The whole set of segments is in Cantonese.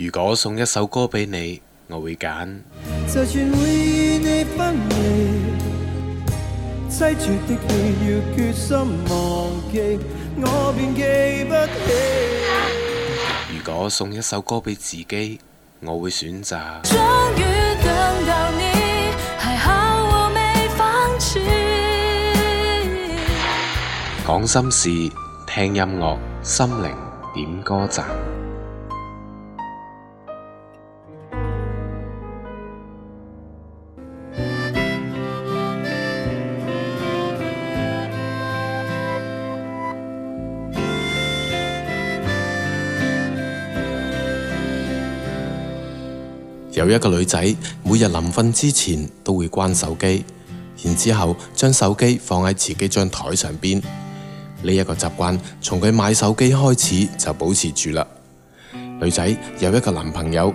如果送一首歌俾你，我會揀。如果送一首歌俾自己，我會選擇。終於等到你，還好我沒放棄。講心事，聽音樂，心靈點歌站。有一個女仔，每日臨瞓之前都會關手機，然之後將手機放喺自己張台上邊。呢一個習慣從佢買手機開始就保持住啦。女仔有一個男朋友，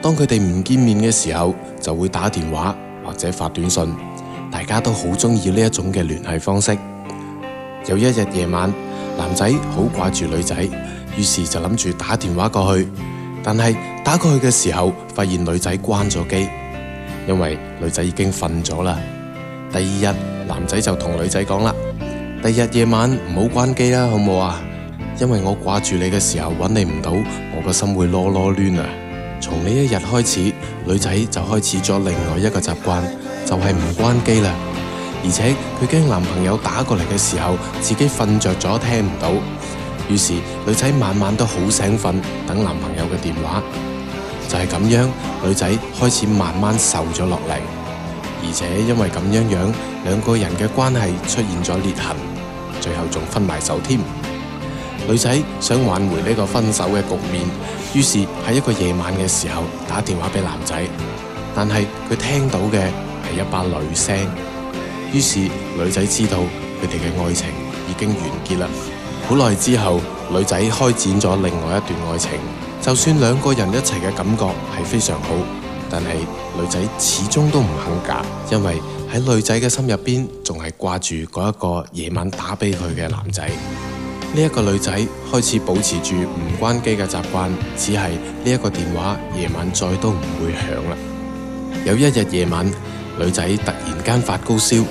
當佢哋唔見面嘅時候，就會打電話或者發短信，大家都好中意呢一種嘅聯繫方式。有一日夜晚，男仔好掛住女仔，於是就諗住打電話過去。但係打過去嘅時候，發現女仔關咗機，因為女仔已經瞓咗啦。第二日男仔就同女仔講啦：第二日夜晚唔好關機啦，好唔好啊？因為我掛住你嘅時候，揾你唔到，我個心會囉囉攣啊！從呢一日開始，女仔就開始咗另外一個習慣，就係唔關機啦。而且佢驚男朋友打過嚟嘅時候，自己瞓着咗聽唔到。於是女仔晚晚都好醒瞓，等男朋友嘅電話。就係咁樣，女仔開始慢慢瘦咗落嚟，而且因為咁樣樣，兩個人嘅關係出現咗裂痕，最後仲分埋手添。女仔想挽回呢個分手嘅局面，於是喺一個夜晚嘅時候打電話俾男仔，但係佢聽到嘅係一把女聲，於是女仔知道佢哋嘅愛情已經完結啦。好耐之後，女仔開展咗另外一段愛情。就算兩個人一齊嘅感覺係非常好，但係女仔始終都唔肯嫁，因為喺女仔嘅心入邊，仲係掛住嗰一個夜晚打俾佢嘅男仔。呢一個女仔開始保持住唔關機嘅習慣，只係呢一個電話夜晚再都唔會響啦。有一日夜晚，女仔突然間發高燒，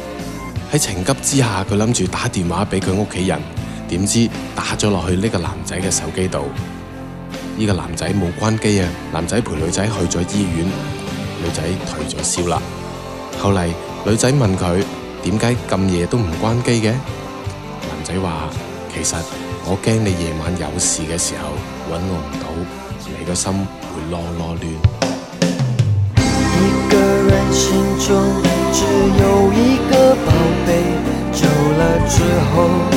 喺情急之下，佢諗住打電話俾佢屋企人。點知打咗落去呢個男仔嘅手機度，呢、這個男仔冇關機啊！男仔陪女仔去咗醫院，女仔退咗燒啦。後嚟女仔問佢點解咁夜都唔關機嘅？男仔話：其實我驚你夜晚有事嘅時候搵我唔到，你個心會囉囉亂。一個人心中只有一個寶貝，久了之後。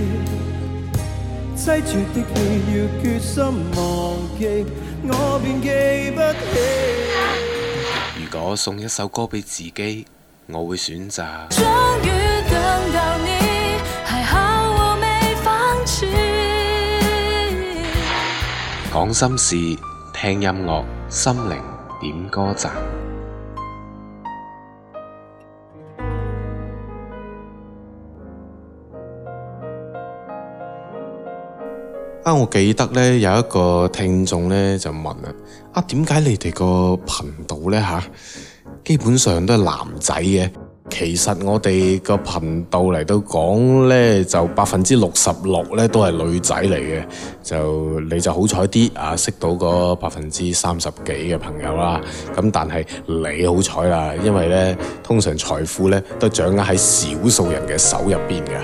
如果送一首歌俾自己，我會選擇。終於等到你，還好我冇放棄。講心事，聽音樂，心靈點歌站。我記得咧有一個聽眾咧就問啦，啊點解你哋個頻道咧吓，啊，基本上都係男仔嘅？其實我哋個頻道嚟到講呢，就百分之六十六呢都係女仔嚟嘅，就你就好彩啲啊，識到嗰百分之三十幾嘅朋友啦。咁、啊、但係你好彩啦，因為呢通常財富呢都掌握喺少數人嘅手入邊嘅。誒、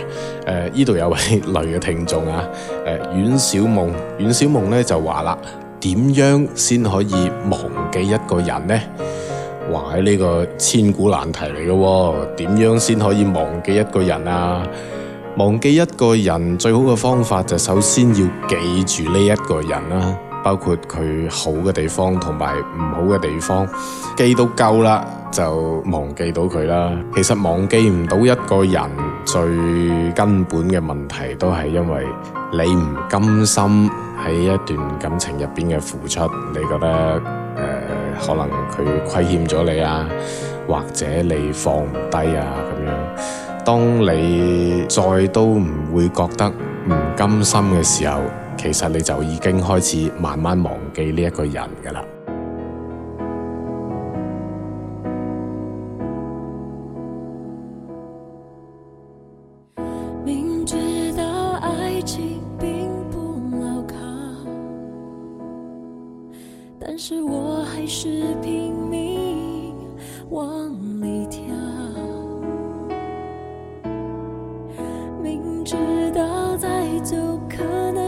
呃，呢度有位女 嘅聽眾啊，阮、呃、小夢，阮小夢呢就話啦，「點樣先可以忘記一個人呢？」哇！喺呢個千古難題嚟嘅，點樣先可以忘記一個人啊？忘記一個人最好嘅方法就首先要記住呢一個人啦，包括佢好嘅地方同埋唔好嘅地方，記到夠啦就忘記到佢啦。其實忘記唔到一個人最根本嘅問題都係因為你唔甘心喺一段感情入邊嘅付出，你覺得？可能佢虧欠咗你啊，或者你放唔低啊，咁樣。當你再都唔會覺得唔甘心嘅時候，其實你就已經開始慢慢忘記呢一個人噶啦。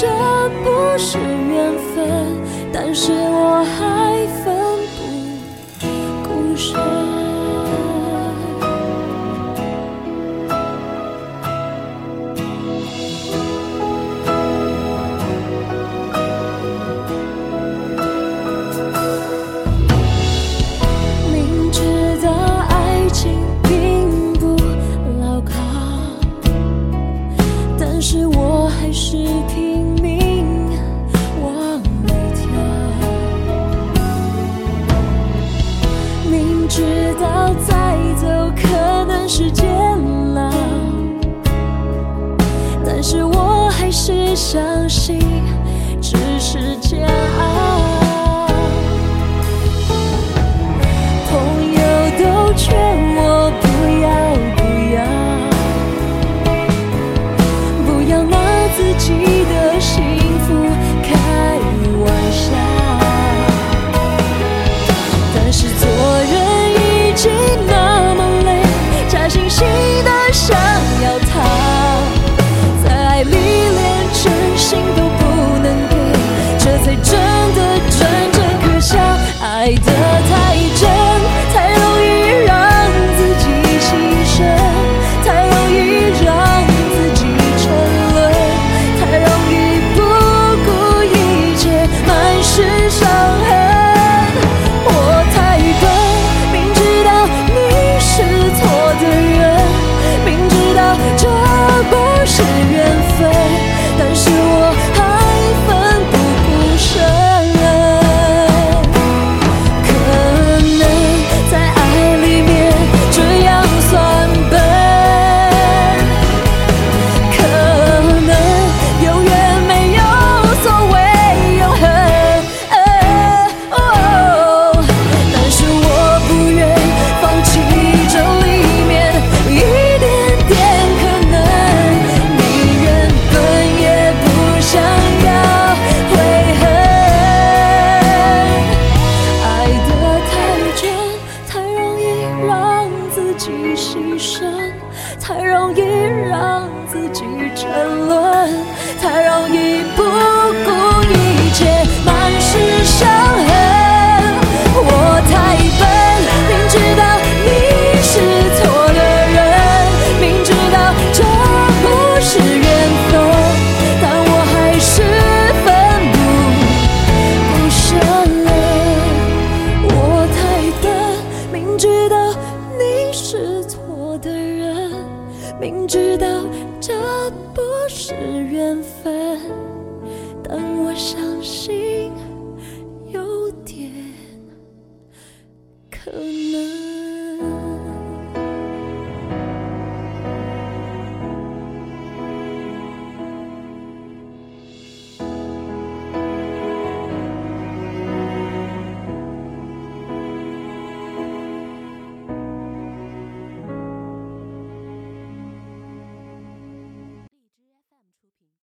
這不是緣分，但是我還奮不顧身。可能。